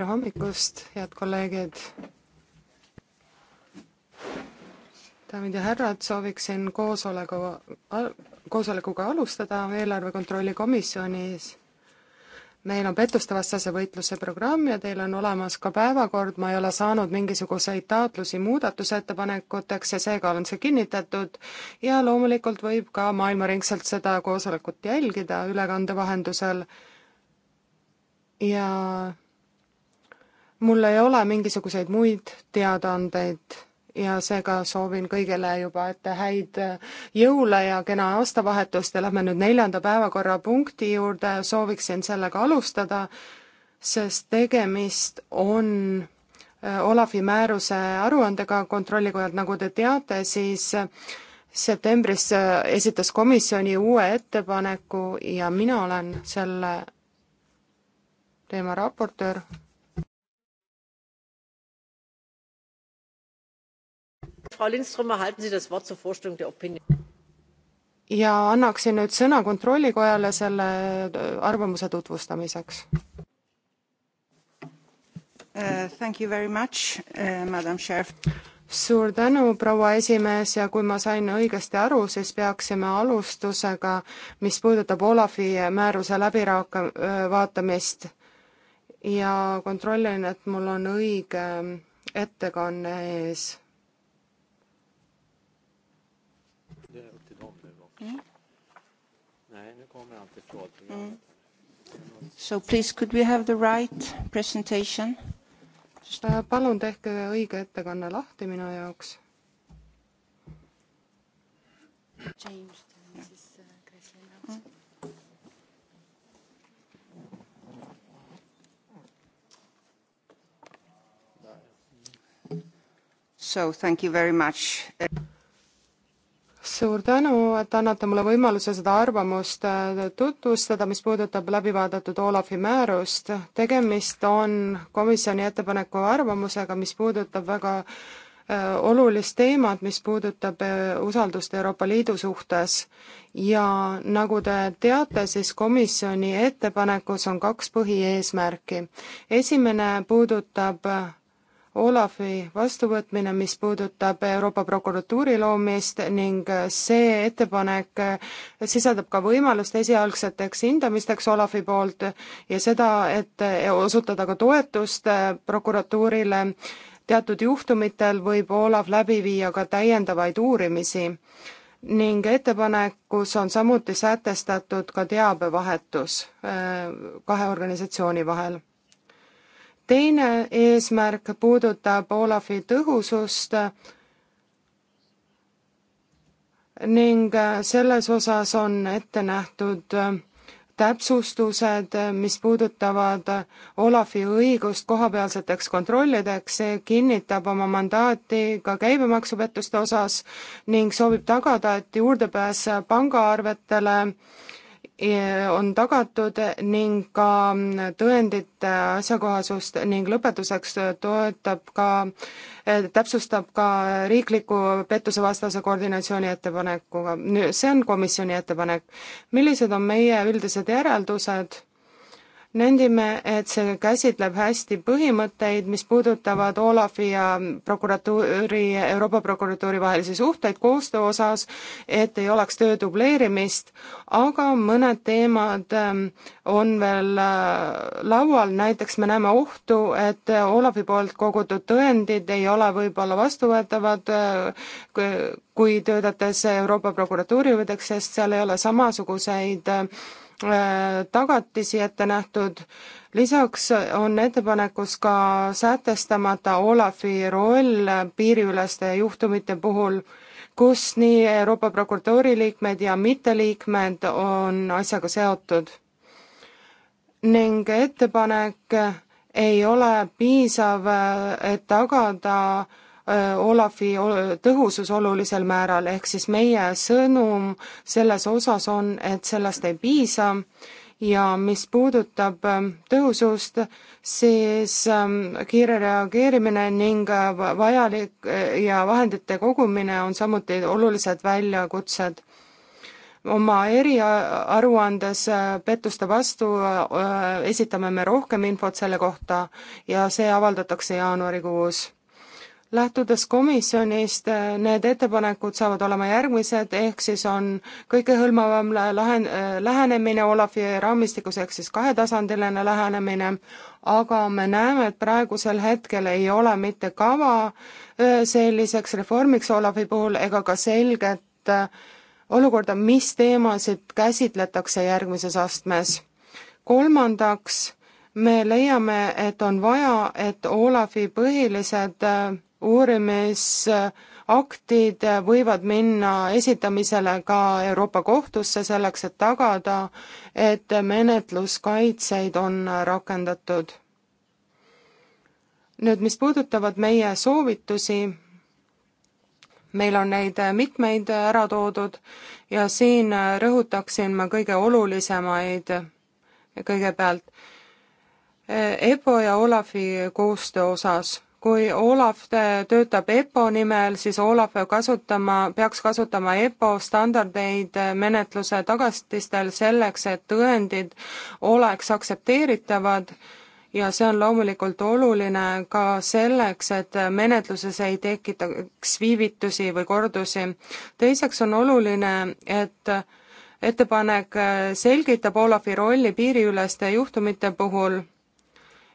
tere hommikust, head kolleegid. daamid ja härrad, sooviksin koosoleku, koosolekuga alustada eelarve kontrolli komisjonis. meil on pettuste vastase võitluse programm ja teil on olemas ka päevakord, ma ei ole saanud mingisuguseid taotlusi muudatusettepanekuteks ja seega on see kinnitatud ja loomulikult võib ka maailmaringselt seda koosolekut jälgida ülekande vahendusel ja mul ei ole mingisuguseid muid teadaandeid ja seega soovin kõigile juba ette häid äh, jõule ja kena aastavahetust ja lähme nüüd neljanda päevakorrapunkti juurde, sooviksin sellega alustada, sest tegemist on äh, Olavi määruse aruandega Kontrollikojalt, nagu te teate, siis äh, septembris esitas komisjoni uue ettepaneku ja mina olen selle teema raportöör ja annaksin nüüd sõna Kontrollikojale selle äh, arvamuse tutvustamiseks. Uh, thank you very much uh,, Madam Chair suur tänu, proua esimees, ja kui ma sain õigesti aru, siis peaksime alustusega, mis puudutab Olavi määruse läbiraaka-, vaatamist ja kontrollin, et mul on õige ettekanne ees Mm. So please, could we have the right presentation? Äh, palun tehke õige ettekanne lahti minu jaoks. James. Äh, so thank you very much suur tänu, et annate mulle võimaluse seda arvamust äh, tutvustada, mis puudutab läbivaadatud Olavi määrust. tegemist on komisjoni ettepaneku arvamusega, mis puudutab väga äh, olulist teemat, mis puudutab äh, usaldust Euroopa Liidu suhtes. ja nagu te teate, siis komisjoni ettepanekus on kaks põhieesmärki. esimene puudutab Olafi vastuvõtmine, mis puudutab Euroopa prokuratuuri loomist ning see ettepanek sisaldab ka võimalust esialgseteks hindamisteks Olafi poolt ja seda, et osutada ka toetust prokuratuurile. teatud juhtumitel võib Olav läbi viia ka täiendavaid uurimisi ning ettepanekus on samuti sätestatud ka teabevahetus eh, kahe organisatsiooni vahel teine eesmärk puudutab Olavi tõhusust ning selles osas on ette nähtud täpsustused, mis puudutavad Olavi õigust kohapealseteks kontrollideks, see kinnitab oma mandaati ka käibemaksupettuste osas ning soovib tagada, et juurdepääs pangaarvetele Eh, on tagatud ning ka tõendite asjakohasust ning lõpetuseks toetab ka, eh, täpsustab ka riikliku pettusevastase koordinatsiooni ettepanekuga. see on komisjoni ettepanek. millised on meie üldised järeldused? nendime, et see käsitleb hästi põhimõtteid, mis puudutavad Olavi ja prokuratuuri, Euroopa prokuratuuri vahelisi suhteid koostöö osas, et ei oleks töö dubleerimist, aga mõned teemad ähm, on veel äh, laual, näiteks me näeme ohtu, et Olavi poolt kogutud tõendid ei ole võib-olla vastuvõetavad, äh, kui töötates Euroopa prokuratuuri juurde, sest seal ei ole samasuguseid äh, Äh, tagatisi ette nähtud, lisaks on ettepanekus ka sätestamata Olafi roll piiriüleste juhtumite puhul, kus nii Euroopa prokuratuuri liikmed ja mitteliikmed on asjaga seotud. ning ettepanek ei ole piisav, et tagada äh, Äh, Olafi tõhusus olulisel määral, ehk siis meie sõnum selles osas on, et sellest ei piisa ja mis puudutab ähm, tõhusust, siis ähm, kiire reageerimine ning äh, vajalik äh, ja vahendite kogumine on samuti olulised väljakutsed. oma eriaruandes pettuste vastu esitame me rohkem infot selle kohta ja see avaldatakse jaanuarikuus lähtudes komisjonist, äh, need ettepanekud saavad olema järgmised, ehk siis on kõikehõlmavam lahen-, äh, lähenemine Olavi raamistikus, ehk siis kahetasandiline lähenemine, aga me näeme, et praegusel hetkel ei ole mitte kava äh, selliseks reformiks Olavi puhul ega ka selget olukorda, mis teemasid käsitletakse järgmises astmes. kolmandaks, me leiame, et on vaja, et Olavi põhilised uurimisaktid äh, äh, võivad minna esitamisele ka Euroopa Kohtusse selleks, et tagada, et menetluskaitseid on äh, rakendatud. nüüd, mis puudutavad meie soovitusi, meil on neid mitmeid ära toodud ja siin rõhutaksin ma kõige olulisemaid kõigepealt EPO ja Olafi koostöö osas kui Olav töötab EPPO nimel, siis Olav peab kasutama, peaks kasutama EPPO standardeid eh, menetluse tagastistel selleks, et tõendid oleks aktsepteeritavad ja see on loomulikult oluline ka selleks, et menetluses ei tekitaks viivitusi või kordusi. teiseks on oluline, et ettepanek eh, selgitab Olavi rolli piiriüleste juhtumite puhul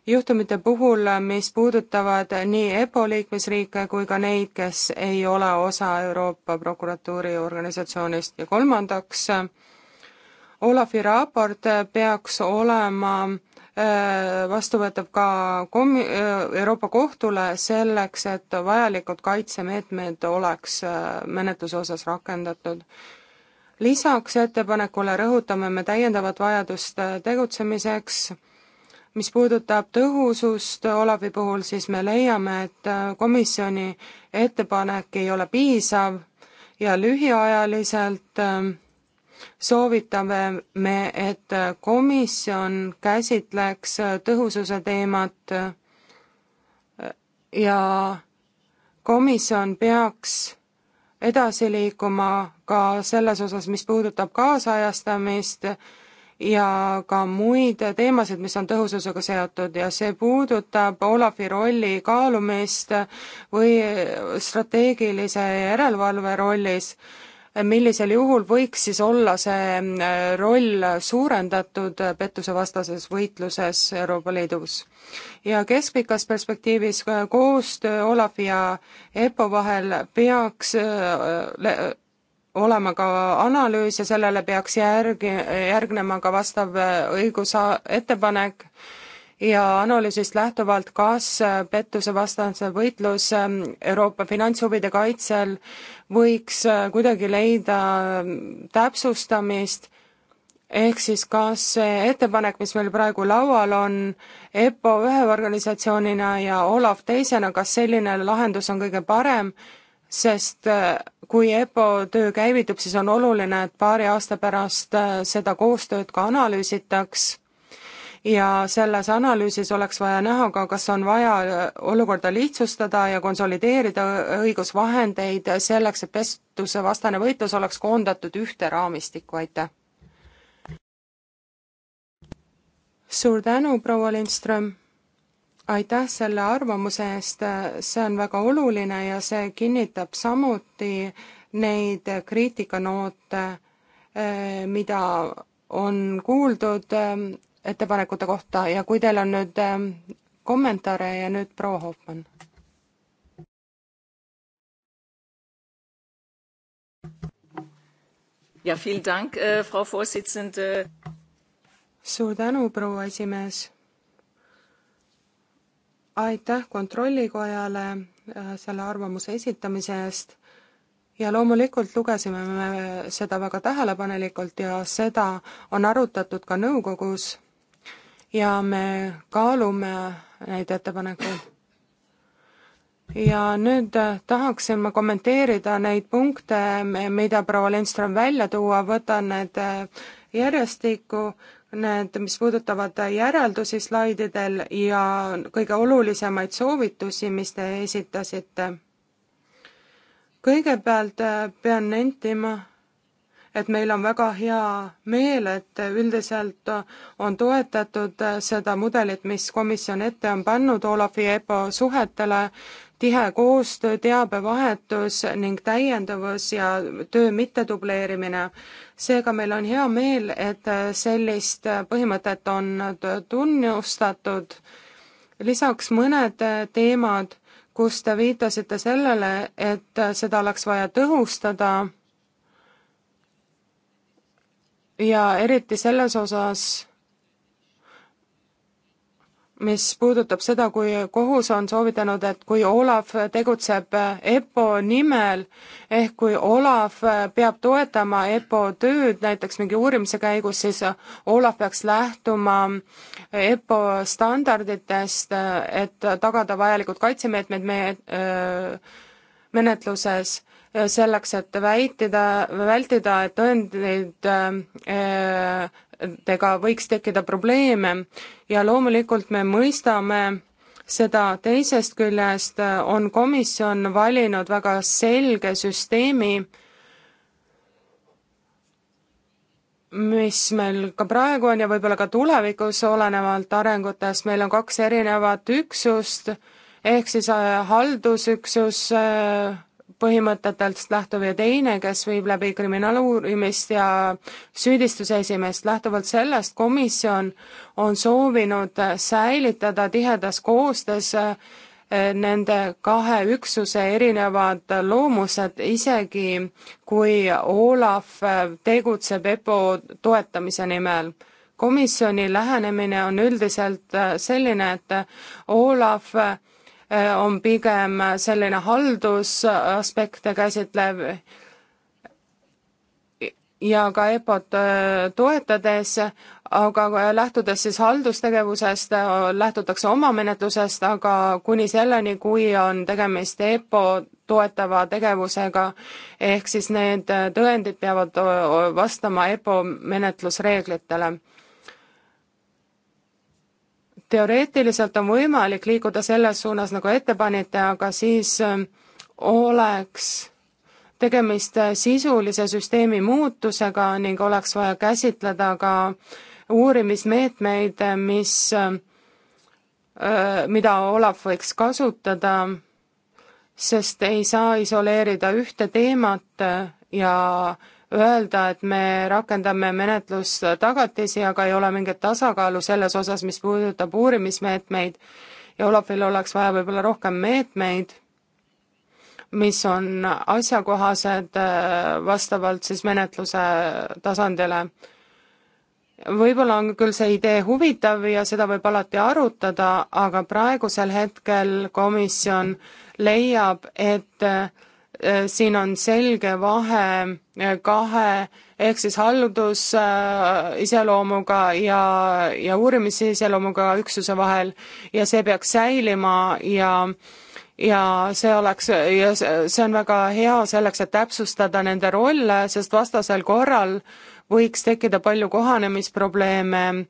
juhtumite puhul, mis puudutavad nii EPO liikmesriike kui ka neid, kes ei ole osa Euroopa prokuratuuri organisatsioonist ja kolmandaks, Olafi raport peaks olema äh, vastuvõetav ka kom-, äh, Euroopa Kohtule selleks, et vajalikud kaitsemeetmed oleks äh, menetluse osas rakendatud lisaks ettepanekule rõhutame me täiendavat vajadust tegutsemiseks mis puudutab tõhusust Olavi puhul, siis me leiame, et äh, komisjoni ettepanek ei ole piisav ja lühiajaliselt ähm, soovitame me, et äh, komisjon käsitleks äh, tõhususe teemat ja komisjon peaks edasi liikuma ka selles osas, mis puudutab kaasajastamist ja ka muid teemasid, mis on tõhususega seotud ja see puudutab Olavi rolli kaalumist või strateegilise järelevalve rollis, millisel juhul võiks siis olla see äh, roll suurendatud pettusevastases võitluses Euroopa Liidus. ja keskpikas perspektiivis äh, koostöö Olavi ja EPPO vahel peaks äh, olema ka analüüs ja sellele peaks järgi, järgnema ka vastav äh, õigusettepanek ja analüüsist lähtuvalt, kas äh, pettusevastase võitlus ähm, Euroopa finantshuvide kaitsel võiks äh, kuidagi leida ähm, täpsustamist, ehk siis kas see ettepanek, mis meil praegu laual on, EPPO ühe organisatsioonina ja Olav teisena, kas selline lahendus on kõige parem sest äh, kui EPO töö käivitub, siis on oluline, et paari aasta pärast äh, seda koostööd ka analüüsitaks ja selles analüüsis oleks vaja näha ka, kas on vaja äh, olukorda lihtsustada ja konsolideerida õigusvahendeid selleks, et pestusevastane võitlus oleks koondatud ühte raamistikku, aitäh! suur tänu, proua Lindström! aitäh selle arvamuse eest, see on väga oluline ja see kinnitab samuti neid kriitikanoote, eh, mida on kuuldud eh, ettepanekute kohta ja kui teil on nüüd eh, kommentaare ja nüüd proua Hoopmann. ja, vielen Dank äh,, Frau Vorsitzende. suur tänu, proua esimees aitäh Kontrollikojale äh, selle arvamuse esitamise eest ja loomulikult lugesime me seda väga tähelepanelikult ja seda on arutatud ka nõukogus ja me kaalume neid ettepanekuid. ja nüüd äh, tahaksin ma kommenteerida neid punkte, mida proua Lindström välja tuua, võtan need äh, järjestikku need, mis puudutavad järeldusi slaididel ja kõige olulisemaid soovitusi, mis te esitasite. kõigepealt äh, pean nentima, et meil on väga hea meel, et üldiselt on toetatud seda mudelit, mis komisjon ette on pannud Olavi ja EPPO suhetele, tihe koostöö, teabevahetus ning täiendavus ja töö mittedubleerimine. seega meil on hea meel, et sellist põhimõtet on tunnustatud. lisaks mõned teemad, kus te viitasite sellele, et seda oleks vaja tõhustada ja eriti selles osas, mis puudutab seda, kui kohus on soovitanud, et kui Olav tegutseb EPPO nimel, ehk kui Olav peab toetama EPPO tööd näiteks mingi uurimise käigus, siis Olav peaks lähtuma EPPO standarditest, et tagada vajalikud kaitsemeetmed meie öö, menetluses äh, selleks, et vältida, vältida, et tõendeid äh, äh, tega võiks tekkida probleeme ja loomulikult me mõistame seda, teisest küljest on komisjon valinud väga selge süsteemi, mis meil ka praegu on ja võib-olla ka tulevikus, olenevalt arengutest, meil on kaks erinevat üksust, ehk siis äh, haldusüksus äh, põhimõtetelt lähtuv ja teine, kes viib läbi kriminaaluurimist ja süüdistuse esimeest. lähtuvalt sellest komisjon on soovinud äh, säilitada tihedas koostöös nende kahe üksuse erinevad loomused, isegi kui Olav tegutseb EPO toetamise nimel komisjoni lähenemine on üldiselt selline, et Olav Äh, on pigem selline haldusaspekte käsitlev ja ka EPO-t äh, toetades, aga lähtudes siis haldustegevusest, äh, lähtutakse oma menetlusest, aga kuni selleni, kui on tegemist EPO toetava tegevusega, ehk siis need tõendid peavad vastama EPO menetlusreeglitele teoreetiliselt on võimalik liikuda selles suunas, nagu ette panite, aga siis ähm, oleks tegemist äh, sisulise süsteemi muutusega ning oleks vaja käsitleda ka uurimismeetmeid, mis, ähm, äh, mida Olav võiks kasutada, sest ei saa isoleerida ühte teemat äh, ja öelda, et me rakendame menetlustagatisi, aga ei ole mingit tasakaalu selles osas, mis puudutab uurimismeetmeid ja Olafil oleks vaja võib-olla rohkem meetmeid, mis on asjakohased äh, vastavalt siis menetluse tasandile. võib-olla on küll see idee huvitav ja seda võib alati arutada, aga praegusel hetkel komisjon leiab, et äh, Äh, siin on selge vahe äh, kahe ehk siis haldusiseloomuga äh, ja, ja uurimise iseloomuga üksuse vahel ja see peaks säilima ja ja see oleks ja see on väga hea selleks, et täpsustada nende rolle, sest vastasel korral võiks tekkida palju kohanemisprobleeme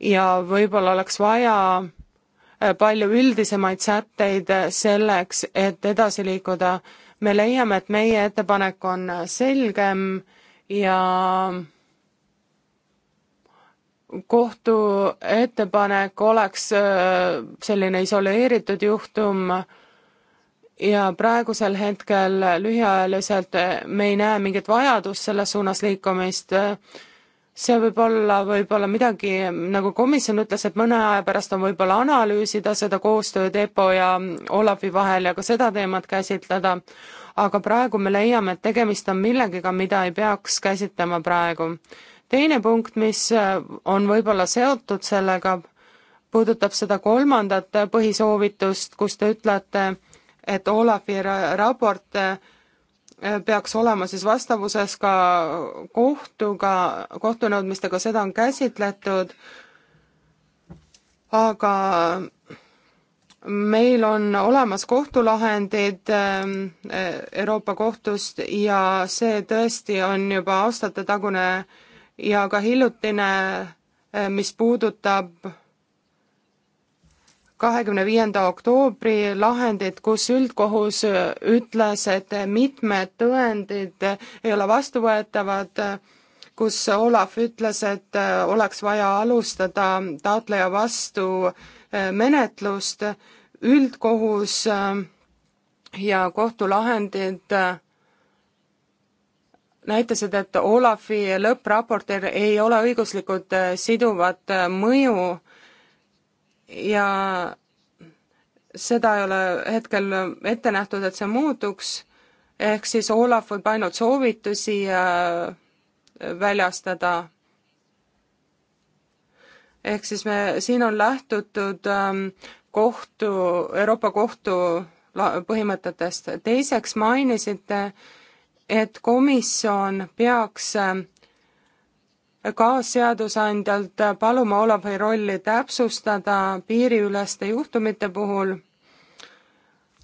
ja võib-olla oleks vaja palju üldisemaid sätteid selleks, et edasi liikuda me leiame, et meie ettepanek on selgem ja kohtu ettepanek oleks äh, selline isoleeritud juhtum ja praegusel hetkel lühiajaliselt me ei näe mingit vajadust selles suunas liikumist see võib olla võib-olla midagi, nagu komisjon ütles, et mõne aja pärast on võib-olla analüüsida seda koostööd EPO ja Olavi vahel ja ka seda teemat käsitleda, aga praegu me leiame, et tegemist on millegiga, mida ei peaks käsitlema praegu. teine punkt, mis äh, on võib-olla seotud sellega, puudutab seda kolmandat põhisoovitust, kus te ütlete, et Olavi raport äh, peaks olema siis vastavuses ka kohtuga, kohtunõudmistega, seda on käsitletud, aga meil on olemas kohtulahendid ähm, Euroopa Kohtust ja see tõesti on juba aastatetagune ja ka hiljutine, äh, mis puudutab kahekümne viienda oktoobri lahendit, kus üldkohus ütles, et mitmed tõendid ei ole vastuvõetavad, kus Olav ütles, et oleks vaja alustada taotleja vastu eh, menetlust, üldkohus eh, ja kohtulahendid eh, näitasid, et Olavi lõppraportil ei ole õiguslikult siduvat mõju ja seda ei ole hetkel ette nähtud, et see muutuks, ehk siis Olav võib ainult soovitusi äh, väljastada. ehk siis me, siin on lähtutud ähm, kohtu, Euroopa Kohtu põhimõtetest. teiseks mainisite, et komisjon peaks ähm, kaasseadusandjalt paluma Olavi rolli täpsustada piiriüleste juhtumite puhul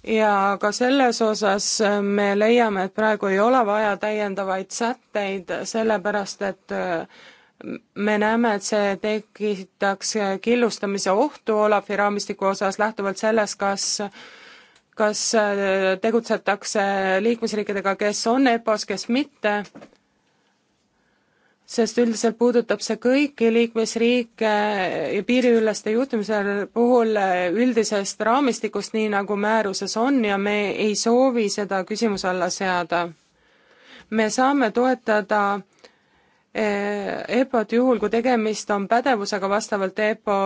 ja ka selles osas me leiame, et praegu ei ole vaja täiendavaid sätteid, sellepärast et äh, me näeme, et see tekitaks killustamise ohtu Olavi raamistiku osas lähtuvalt sellest, kas kas äh, tegutsetakse liikmesriikidega, kes on EPOs, kes mitte sest üldiselt puudutab see kõiki liikmesriike ja piiriüleste juhtimise puhul üldisest raamistikust, nii nagu määruses on ja me ei soovi seda küsimuse alla seada. me saame toetada EPO-t eh, juhul, kui tegemist on pädevusega vastavalt EPO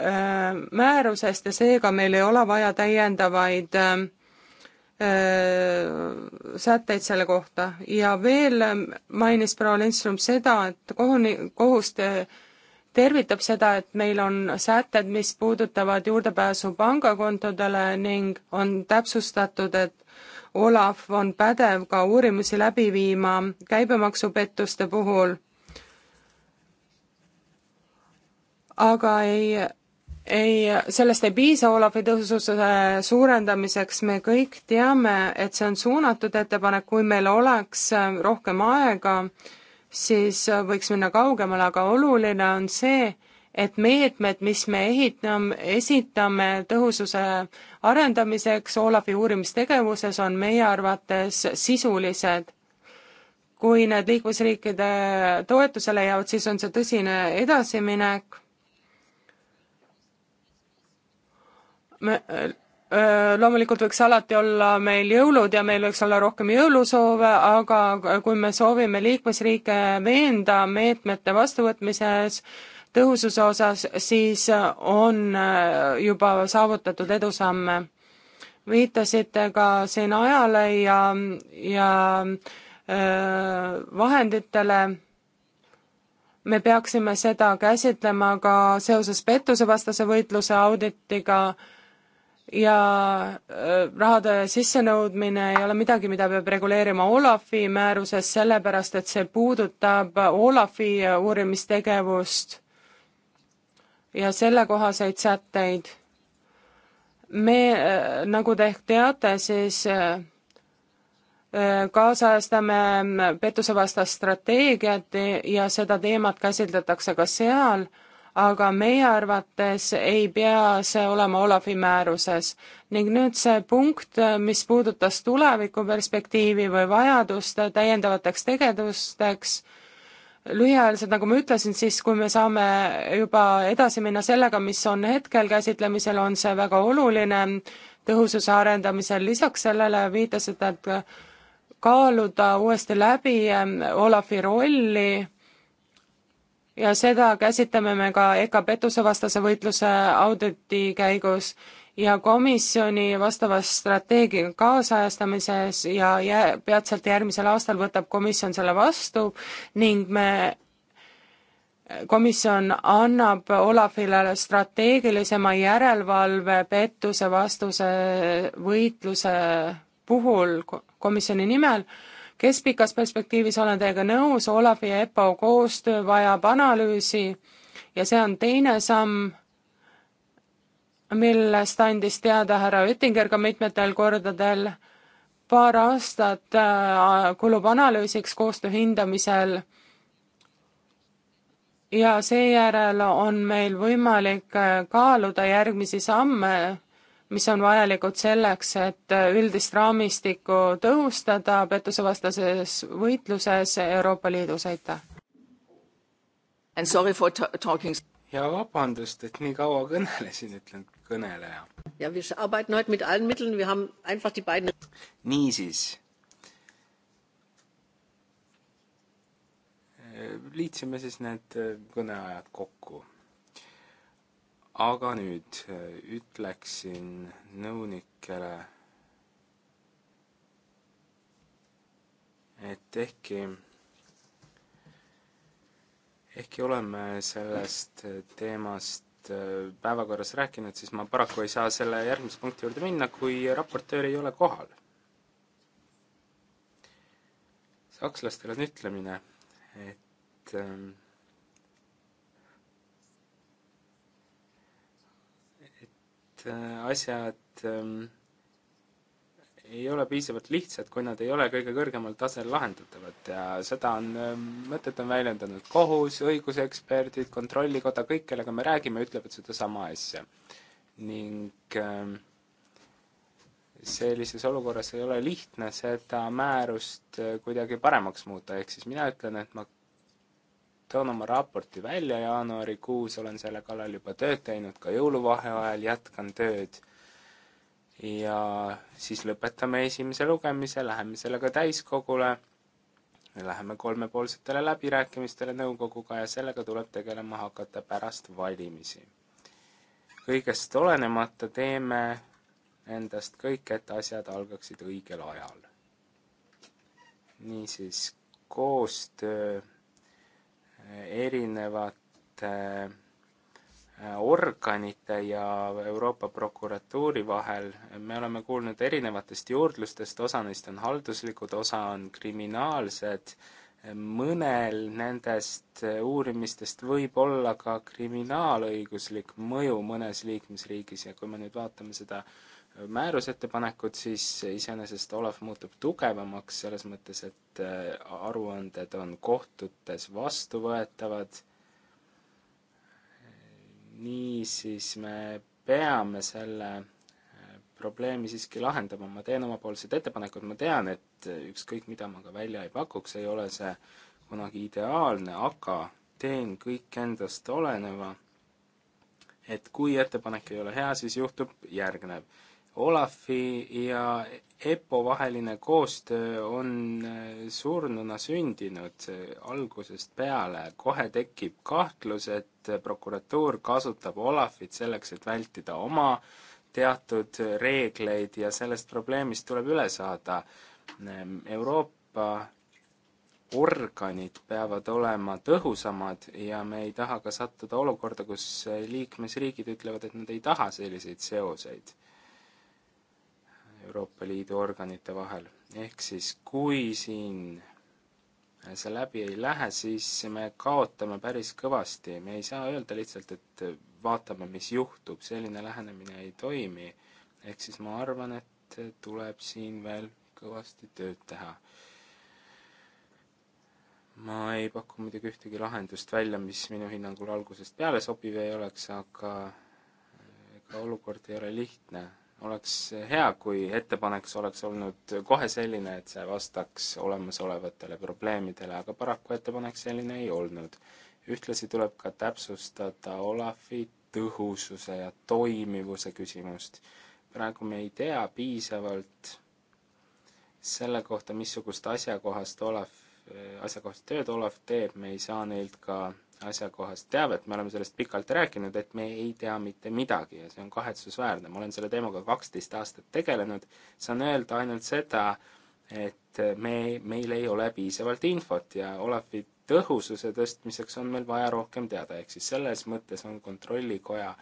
eh, määrusest ja seega meil ei ole vaja täiendavaid äh, Äh, sätteid selle kohta ja veel mainis proua Lindström seda, et kohuni, kohus tervitab seda, et meil on sätted, mis puudutavad juurdepääsu pangakontodele ning on täpsustatud, et Olav on pädev ka uurimusi läbi viima käibemaksupettuste puhul, aga ei ei, sellest ei piisa Olavi tõhususe suurendamiseks, me kõik teame, et see on suunatud ettepanek, kui meil oleks rohkem aega, siis võiks minna kaugemale, aga oluline on see, et meetmed, mis me ehitame, esitame tõhususe arendamiseks Olavi uurimistegevuses, on meie arvates sisulised. kui need liikmesriikide toetusele jäävad, siis on see tõsine edasiminek me äh, äh, loomulikult võiks alati olla meil jõulud ja meil võiks olla rohkem jõulusoove, aga kui me soovime liikmesriike veenda meetmete vastuvõtmises tõhususe osas, siis on äh, juba saavutatud edusamme. viitasite ka siin ajale ja, ja vahenditele me peaksime seda käsitlema ka seoses pettusevastase võitluse auditiga äh, ja äh, rahade sissenõudmine ei ole midagi, mida peab reguleerima Olafi määruses, sellepärast et see puudutab Olafi äh, uurimistegevust ja sellekohaseid sätteid. me, äh, nagu te ehk teate, siis kaasajastame pettusevastast strateegiat ja seda teemat käsitletakse ka seal aga meie arvates ei pea see olema Olavi määruses. ning nüüd see punkt, mis puudutas tulevikuperspektiivi või vajadust täiendavateks tegevusteks, lühiajaliselt, nagu ma ütlesin, siis kui me saame juba edasi minna sellega, mis on hetkel käsitlemisel, on see väga oluline tõhususe arendamisel, lisaks sellele viitasite, et kaaluda uuesti läbi eh, Olafi rolli ja seda käsitleme me ka EKA pettusevastase võitluse auditi käigus ja komisjoni vastavas strateegia kaasajastamises ja jää, peatselt järgmisel aastal võtab komisjon selle vastu ning me komisjon annab Olafile strateegilisema järelevalve pettuse vastuse võitluse puhul komisjoni nimel keskpikas perspektiivis olen teiega nõus, Olavi ja EPPO koostöö vajab analüüsi ja see on teine samm, millest andis teada härra Oettinger ka mitmetel kordadel, paar aastat äh, kulub analüüsiks koostöö hindamisel ja seejärel on meil võimalik äh, kaaluda järgmisi samme mis on vajalikud selleks, et üldist raamistikku tõhustada pettusevastases võitluses Euroopa Liidus, aitäh! ja vabandust, et nii kaua kõnelesin, ütlen kõneleja. niisiis äh, liitsime siis need äh, kõneajad kokku aga nüüd äh, ütleksin nõunikele, et ehkki, ehkki oleme sellest teemast äh, päevakorras rääkinud, siis ma paraku ei saa selle järgmise punkti juurde minna, kui raportöör ei ole kohal. sakslastele on ütlemine, et ähm, need äh, asjad ähm, ei ole piisavalt lihtsad, kui nad ei ole kõige kõrgemal tasemel lahendatavad ja seda on, ähm, mõtet on väljendanud kohus, õiguseksperdid, kontrollikoda, kõik, kellega me räägime, ütlevad sedasama asja. ning ähm, sellises olukorras ei ole lihtne seda määrust äh, kuidagi paremaks muuta, ehk siis mina ütlen, et ma toon oma raporti välja jaanuarikuus, olen selle kallal juba tööd teinud, ka jõuluvaheajal jätkan tööd. ja siis lõpetame esimese lugemise, läheme sellega täiskogule, läheme kolmepoolsetele läbirääkimistele nõukoguga ja sellega tuleb tegelema hakata pärast valimisi. kõigest olenemata teeme endast kõik, et asjad algaksid õigel ajal. niisiis, koostöö erinevate äh, organite ja Euroopa prokuratuuri vahel, me oleme kuulnud erinevatest juurdlustest, osa neist on halduslikud, osa on kriminaalsed, mõnel nendest uurimistest võib olla ka kriminaalõiguslik mõju mõnes liikmesriigis ja kui me nüüd vaatame seda määrusettepanekut, siis iseenesest Olev muutub tugevamaks selles mõttes, et äh, aruanded on kohtutes vastuvõetavad. niisiis me peame selle äh, probleemi siiski lahendama, ma teen omapoolsed ettepanekud, ma tean, et ükskõik, mida ma ka välja ei pakuks, ei ole see kunagi ideaalne, aga teen kõik endast oleneva, et kui ettepanek ei ole hea, siis juhtub järgnev Olafi ja EPPO vaheline koostöö on äh, surnuna sündinud algusest peale. kohe tekib kahtlus, et prokuratuur kasutab Olafit selleks, et vältida oma teatud reegleid ja sellest probleemist tuleb üle saada. Euroopa organid peavad olema tõhusamad ja me ei taha ka sattuda olukorda, kus liikmesriigid ütlevad, et nad ei taha selliseid seoseid Euroopa Liidu organite vahel. ehk siis, kui siin see läbi ei lähe, siis me kaotame päris kõvasti, me ei saa öelda lihtsalt, et vaatame, mis juhtub, selline lähenemine ei toimi. ehk siis ma arvan, et tuleb siin veel kõvasti tööd teha. ma ei paku muidugi ühtegi lahendust välja, mis minu hinnangul algusest peale sobiv ei oleks, aga ega olukord ei ole lihtne oleks hea, kui ettepanek oleks olnud kohe selline, et see vastaks olemasolevatele probleemidele, aga paraku ettepanek selline ei olnud. ühtlasi tuleb ka täpsustada Olafi tõhususe ja toimivuse küsimust. praegu me ei tea piisavalt selle kohta, missugust asjakohast Olav, eh, asjakohast tööd Olav teeb, me ei saa neilt ka asjakohast teavet, me oleme sellest pikalt rääkinud, et me ei tea mitte midagi ja see on kahetsusväärne, ma olen selle teemaga kaksteist aastat tegelenud, saan öelda ainult seda, et me, meil ei ole piisavalt infot ja Olavi tõhususe tõstmiseks on meil vaja rohkem teada, ehk siis selles mõttes on Kontrollikoja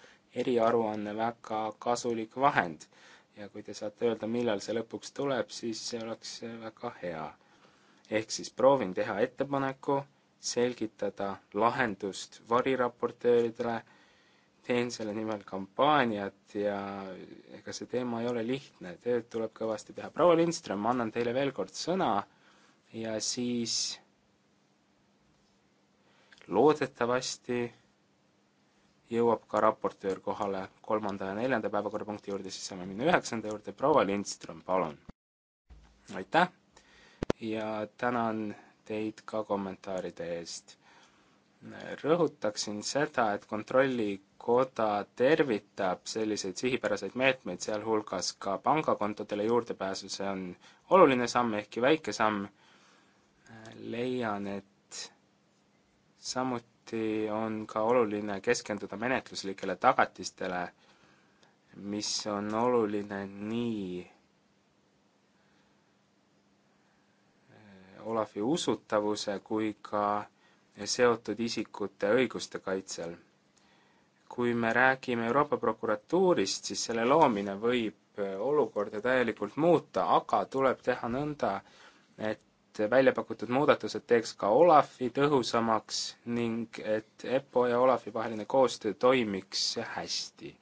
eriaruanne väga kasulik vahend. ja kui te saate öelda, millal see lõpuks tuleb, siis see oleks väga hea. ehk siis proovin teha ettepaneku selgitada lahendust variraportööridele, teen selle nimel kampaaniat ja ega see teema ei ole lihtne, tööd tuleb kõvasti teha. proua Lindström, ma annan teile veel kord sõna ja siis loodetavasti jõuab ka raportöör kohale kolmanda ja neljanda päevakorrapunkti juurde, siis saame minna üheksanda juurde. proua Lindström, palun. aitäh ja tänan teid ka kommentaaride eest. rõhutaksin seda, et Kontrollikoda tervitab selliseid sihipäraseid meetmeid, sealhulgas ka pangakontodele juurdepääsu, see on oluline samm, ehkki väike samm. leian, et samuti on ka oluline keskenduda menetluslikele tagatistele, mis on oluline nii Olafi usutavuse kui ka seotud isikute õiguste kaitsel. kui me räägime Euroopa prokuratuurist, siis selle loomine võib olukorda täielikult muuta, aga tuleb teha nõnda, et välja pakutud muudatused teeks ka Olafi tõhusamaks ning et EPPO ja Olafi vaheline koostöö toimiks hästi.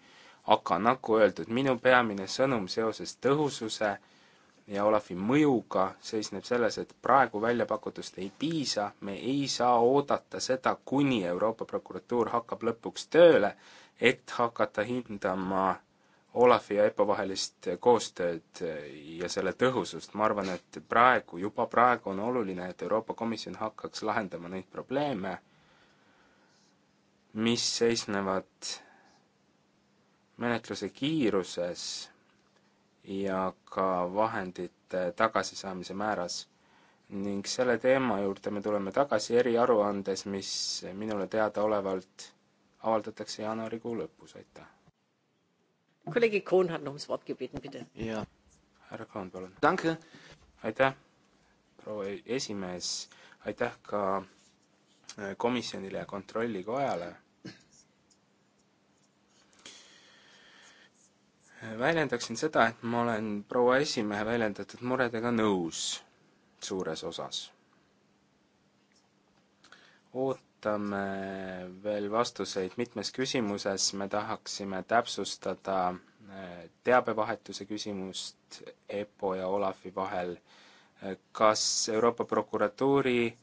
aga nagu öeldud, minu peamine sõnum seoses tõhususe ja Olafi mõjuga seisneb selles, et praegu väljapakutust ei piisa, me ei saa oodata seda, kuni Euroopa prokuratuur hakkab lõpuks tööle, et hakata hindama Olafi ja EPPO vahelist koostööd ja selle tõhusust, ma arvan, et praegu, juba praegu on oluline, et Euroopa Komisjon hakkaks lahendama neid probleeme, mis seisnevad menetluse kiiruses, ja ka vahendite tagasisaamise määras. ning selle teema juurde me tuleme tagasi eriaruandes, mis minule teadaolevalt avaldatakse jaanuarikuu lõpus, aitäh. kolleeg Kohn on ums vort gebeten, bitte. jaa, härra Kohn, palun. aitäh, proua esimees, aitäh ka äh, komisjonile ja kontrollikojale väljendaksin seda, et ma olen proua esimehe väljendatud muredega nõus suures osas. ootame veel vastuseid mitmes küsimuses, me tahaksime täpsustada eh, teabevahetuse küsimust EPPO ja Olafi vahel, eh, kas Euroopa Prokuratuuri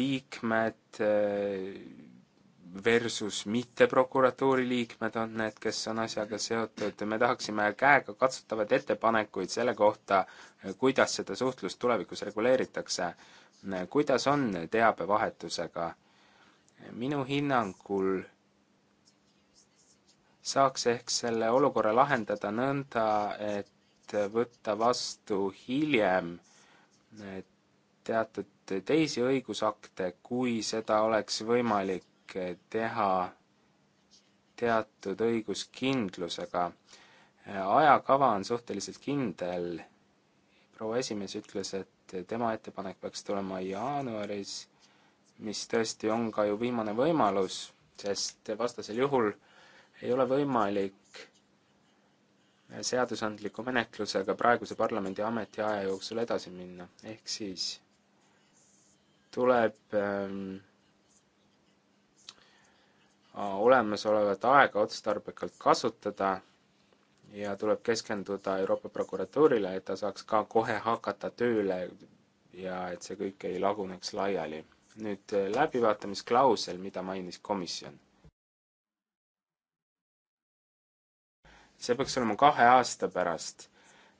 liikmed eh, versus mitte prokuratuuri liikmed on need, kes on asjaga seotud, me tahaksime käega katsutavaid ettepanekuid selle kohta, kuidas seda suhtlust tulevikus reguleeritakse, kuidas on teabevahetusega. minu hinnangul saaks ehk selle olukorra lahendada nõnda, et võtta vastu hiljem teatud teisi õigusakte, kui seda oleks võimalik teha teatud õiguskindlusega. ajakava on suhteliselt kindel. proua esimees ütles, et tema ettepanek peaks tulema jaanuaris, mis tõesti on ka ju viimane võimalus, sest vastasel juhul ei ole võimalik seadusandliku menetlusega praeguse parlamendi ametiaja jooksul edasi minna, ehk siis tuleb ähm, Äh, olemasolevat aega otstarbekalt kasutada ja tuleb keskenduda Euroopa prokuratuurile, et ta saaks ka kohe hakata tööle ja et see kõik ei laguneks laiali. nüüd äh, läbivaatamisklausel, mida mainis komisjon. see peaks olema kahe aasta pärast.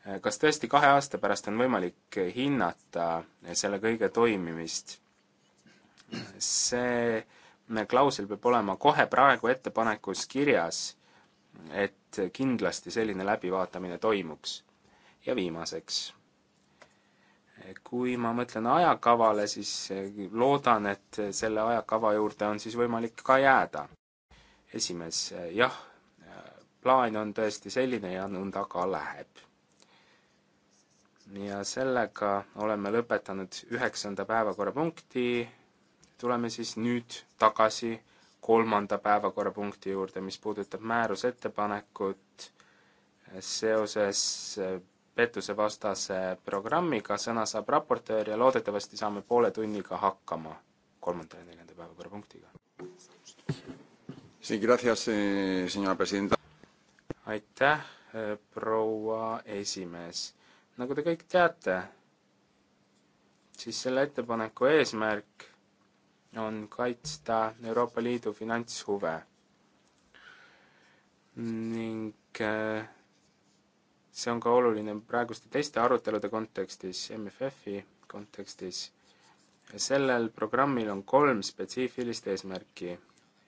Äh, kas tõesti kahe aasta pärast on võimalik hinnata selle kõige toimimist? see klausel peab olema kohe praegu ettepanekus kirjas, et kindlasti selline läbivaatamine toimuks. ja viimaseks, kui ma mõtlen ajakavale, siis loodan, et selle ajakava juurde on siis võimalik ka jääda. esimees, jah, plaan on tõesti selline ja nõnda ka läheb. ja sellega oleme lõpetanud üheksanda päevakorrapunkti tuleme siis nüüd tagasi kolmanda päevakorrapunkti juurde, mis puudutab määrusettepanekut seoses pettusevastase programmiga, sõna saab raportöör ja loodetavasti saame poole tunniga hakkama kolmanda ja neljanda päevakorrapunktiga. Eh, aitäh, eh, proua esimees. nagu te kõik teate, siis selle ettepaneku eesmärk on kaitsta Euroopa Liidu finantshuve ning äh, see on ka oluline praeguste teiste arutelude kontekstis, MFF-i kontekstis. sellel programmil on kolm spetsiifilist eesmärki.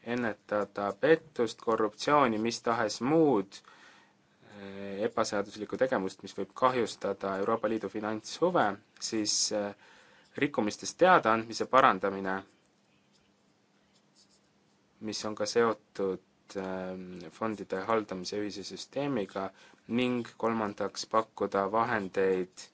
ennetada pettust, korruptsiooni, mis tahes muud äh, ebaseaduslikku tegevust, mis võib kahjustada Euroopa Liidu finantshuve, siis äh, rikkumistest teadaandmise parandamine mis on ka seotud ähm, fondide haldamise ühise süsteemiga ning kolmandaks pakkuda vahendeid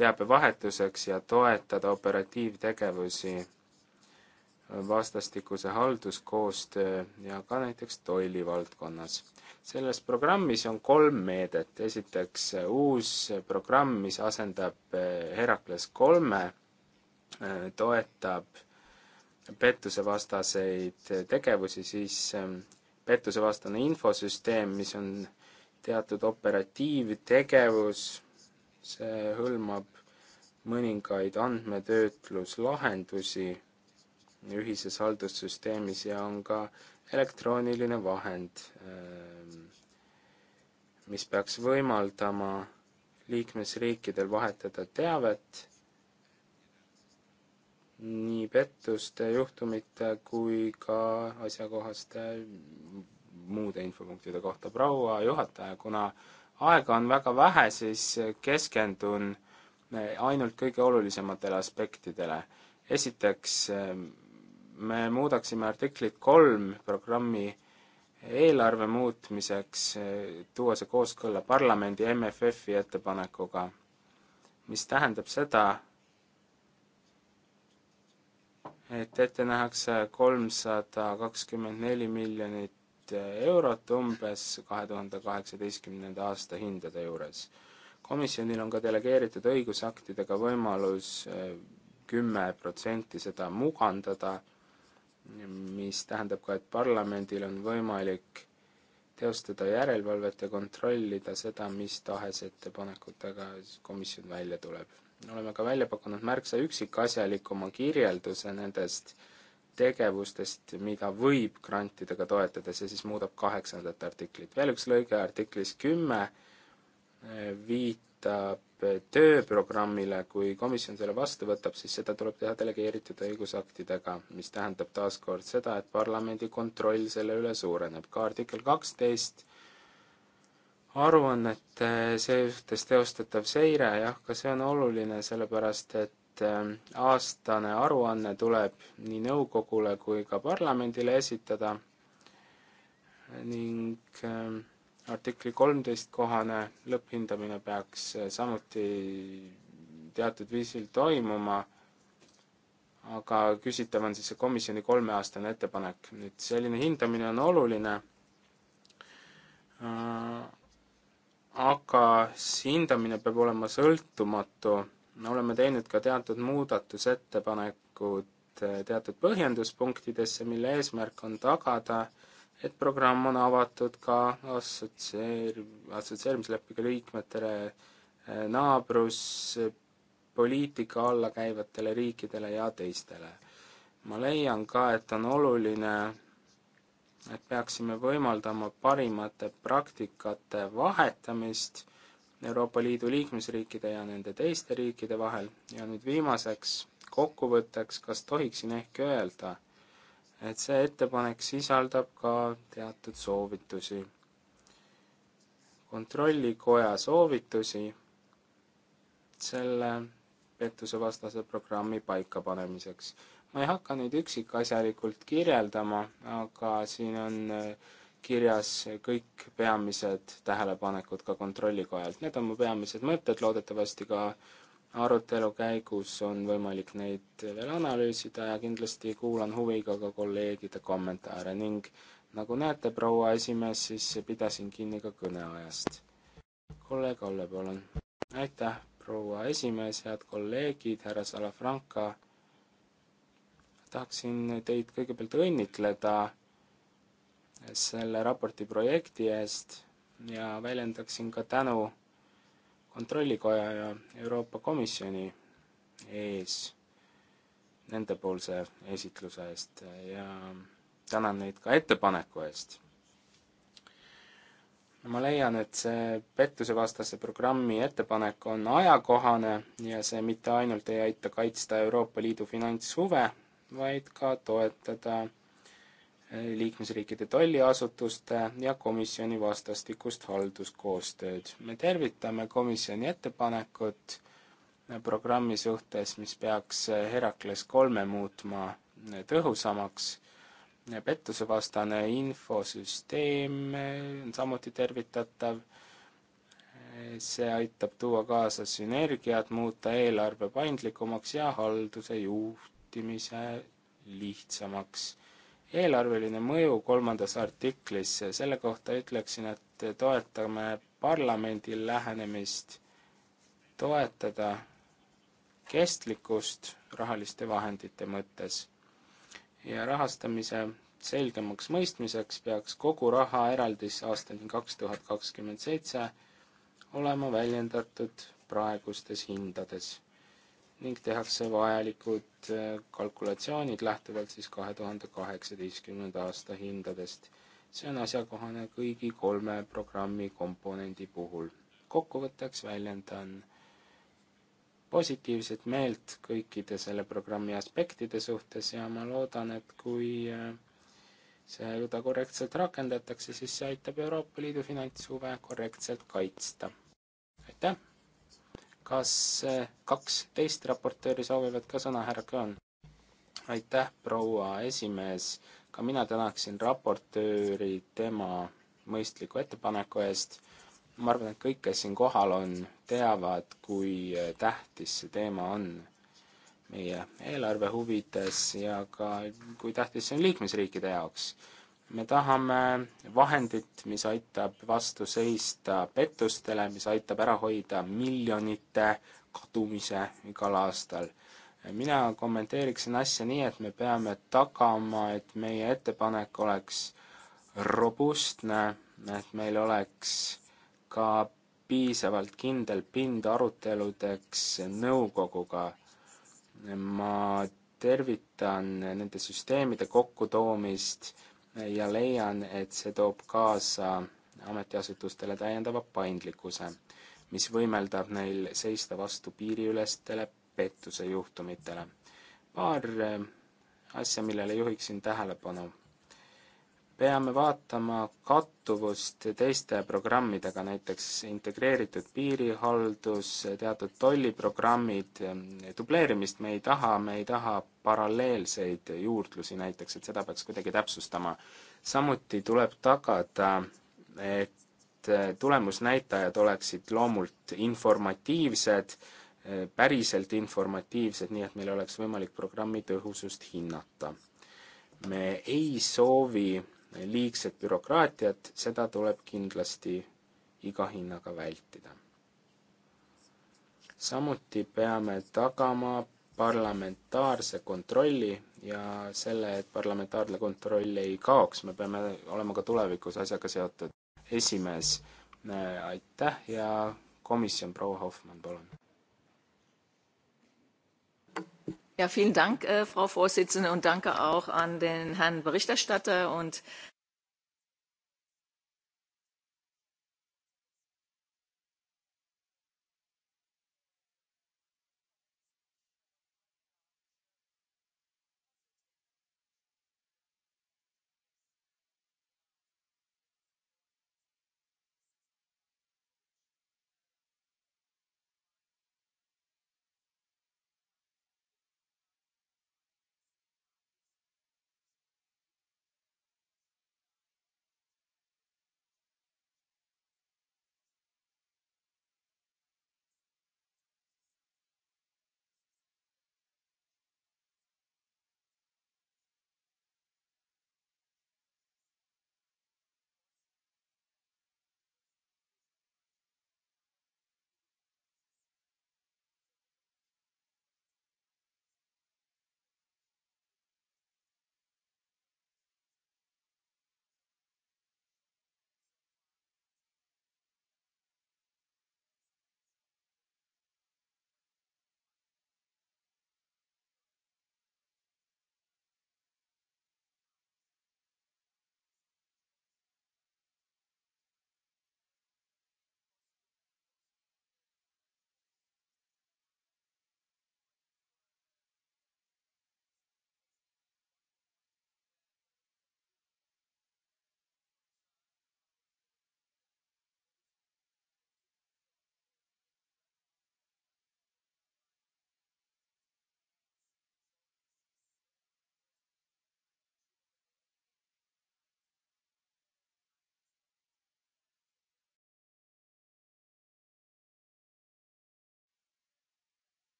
teabevahetuseks ja toetada operatiivtegevusi, äh, vastastikuse halduskoostöö ja ka näiteks tolli valdkonnas. selles programmis on kolm meedet, esiteks äh, uus programm, mis asendab äh, Herakles kolme, toetab pettusevastaseid tegevusi, siis ähm, pettusevastane infosüsteem, mis on teatud operatiivtegevus, see hõlmab mõningaid andmetöötluslahendusi ühises haldussüsteemis ja on ka elektrooniline vahend, ähm, mis peaks võimaldama liikmesriikidel vahetada teavet nii pettuste juhtumite kui ka asjakohaste muude infopunktide kohta. proua juhataja, kuna aega on väga vähe, siis keskendun ainult kõige olulisematele aspektidele. esiteks, me muudaksime artiklit kolm programmi eelarve muutmiseks, tuua see kooskõlla parlamendi MFF-i ettepanekuga, mis tähendab seda, et ette nähakse kolmsada kakskümmend neli miljonit äh, eurot umbes kahe tuhande kaheksateistkümnenda aasta hindade juures. komisjonil on ka delegeeritud õigusaktidega võimalus äh, kümme protsenti seda mugandada, mis tähendab ka, et parlamendil on võimalik teostada järelevalvet ja kontrollida seda, mis tahes ettepanekutega komisjon välja tuleb oleme ka välja pakkunud märksa üksikasjalikuma kirjelduse nendest tegevustest, mida võib grantidega toetada, see siis muudab kaheksandat artiklit. veel üks lõige artiklis kümme eh, viitab eh, tööprogrammile, kui komisjon selle vastu võtab, siis seda tuleb teha delegeeritud õigusaktidega, mis tähendab taaskord seda, et parlamendi kontroll selle üle suureneb. ka artikkel kaksteist aruannete äh, suhtes teostatav seire, jah, ka see on oluline, sellepärast et äh, aastane aruanne tuleb nii nõukogule kui ka parlamendile esitada ning äh, artikli kolmteist kohane lõpphindamine peaks samuti teatud viisil toimuma, aga küsitav on siis see komisjoni kolmeaastane ettepanek. nüüd selline hindamine on oluline aga see hindamine peab olema sõltumatu. me oleme teinud ka teatud muudatusettepanekud eh, teatud põhjenduspunktidesse, mille eesmärk on tagada, et programm on avatud ka assotsieer-, assotsieerimisleppega liikmetele, eh, naabruspoliitika alla käivatele riikidele ja teistele. ma leian ka, et on oluline et peaksime võimaldama parimate praktikate vahetamist Euroopa Liidu liikmesriikide ja nende teiste riikide vahel ja nüüd viimaseks kokkuvõtteks, kas tohiksin ehk öelda, et see ettepanek sisaldab ka teatud soovitusi. kontrollikoja soovitusi selle pettusevastase programmi paikapanemiseks ma ei hakka neid üksikasjalikult kirjeldama, aga siin on äh, kirjas kõik peamised tähelepanekud ka Kontrollikojalt. Need on mu peamised mõtted, loodetavasti ka arutelu käigus on võimalik neid veel analüüsida ja kindlasti kuulan huviga ka kolleegide kommentaare ning nagu näete, proua esimees, siis pidasin kinni ka kõneajast. kolleeg Olle, palun. aitäh, proua esimees, head kolleegid, härra Salafranca tahaksin teid kõigepealt õnnitleda selle raporti projekti eest ja väljendaksin ka tänu Kontrollikoja ja Euroopa Komisjoni ees nendepoolse esitluse eest ja tänan neid ka ettepaneku eest. ma leian, et see pettusevastase programmi ettepanek on ajakohane ja see mitte ainult ei aita kaitsta Euroopa Liidu finantshuve, vaid ka toetada äh, liikmesriikide tolliasutuste ja komisjoni vastastikust halduskoostööd. me tervitame komisjoni ettepanekut äh, programmi suhtes, mis peaks äh, Herakles kolme muutma tõhusamaks pettusevastane infosüsteem on samuti tervitatav. see aitab tuua kaasa sünergiat, muuta eelarve paindlikumaks ja halduse ju-, juhtimise lihtsamaks. eelarveline mõju kolmandas artiklis, selle kohta ütleksin, et toetame parlamendi lähenemist toetada kestlikkust rahaliste vahendite mõttes. ja rahastamise selgemaks mõistmiseks peaks kogu rahaeraldis aastani kaks tuhat kakskümmend seitse olema väljendatud praegustes hindades ning tehakse vajalikud äh, kalkulatsioonid lähtuvalt siis kahe tuhande kaheksateistkümnenda aasta hindadest. see on asjakohane kõigi kolme programmi komponendi puhul. kokkuvõtteks väljendan positiivset meelt kõikide selle programmi aspektide suhtes ja ma loodan, et kui äh, seda korrektselt rakendatakse, siis see aitab Euroopa Liidu finantshuve korrektselt kaitsta. aitäh! kas eh, kaks teist raportööri soovivad ka sõna, härra Köön? aitäh, proua esimees, ka mina tänaksin raportööri tema mõistliku ettepaneku eest. ma arvan, et kõik, kes siin kohal on, teavad, kui eh, tähtis see teema on meie eelarve huvides ja ka kui tähtis see on liikmesriikide jaoks me tahame vahendit, mis aitab vastu seista pettustele, mis aitab ära hoida miljonite kadumise igal aastal. mina kommenteeriksin asja nii, et me peame tagama, et meie ettepanek oleks robustne, et meil oleks ka piisavalt kindel pind aruteludeks nõukoguga. ma tervitan nende süsteemide kokkutoomist ja leian, et see toob kaasa ametiasutustele täiendava paindlikkuse, mis võimeldab neil seista vastu piiriülestele pettuse juhtumitele. paar äh, asja, millele juhiksin tähelepanu peame vaatama kattuvust teiste programmidega, näiteks integreeritud piirihaldus, teatud tolliprogrammid, dubleerimist me ei taha, me ei taha paralleelseid juurdlusi näiteks, et seda peaks kuidagi täpsustama. samuti tuleb tagada, et tulemusnäitajad oleksid loomult informatiivsed, päriselt informatiivsed, nii et meil oleks võimalik programmi tõhusust hinnata. me ei soovi liigset bürokraatiat, seda tuleb kindlasti iga hinnaga vältida. samuti peame tagama parlamentaarse kontrolli ja selle, et parlamentaarne kontroll ei kaoks, me peame olema ka tulevikus asjaga seotud. esimees, aitäh ja komisjon, proua Hoffmann, palun! Ja, vielen Dank, äh, Frau Vorsitzende, und danke auch an den Herrn Berichterstatter und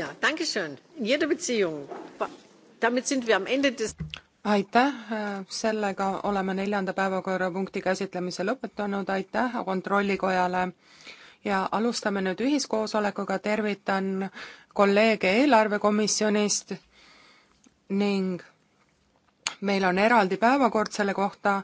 ja, danke schön. In jeder Beziehung. Damit sind wir am Ende des aitäh, sellega oleme neljanda päevakorrapunkti käsitlemise lõpetanud, aitäh Kontrollikojale ja alustame nüüd ühiskoosolekuga, tervitan kolleege eelarvekomisjonist ning meil on eraldi päevakord selle kohta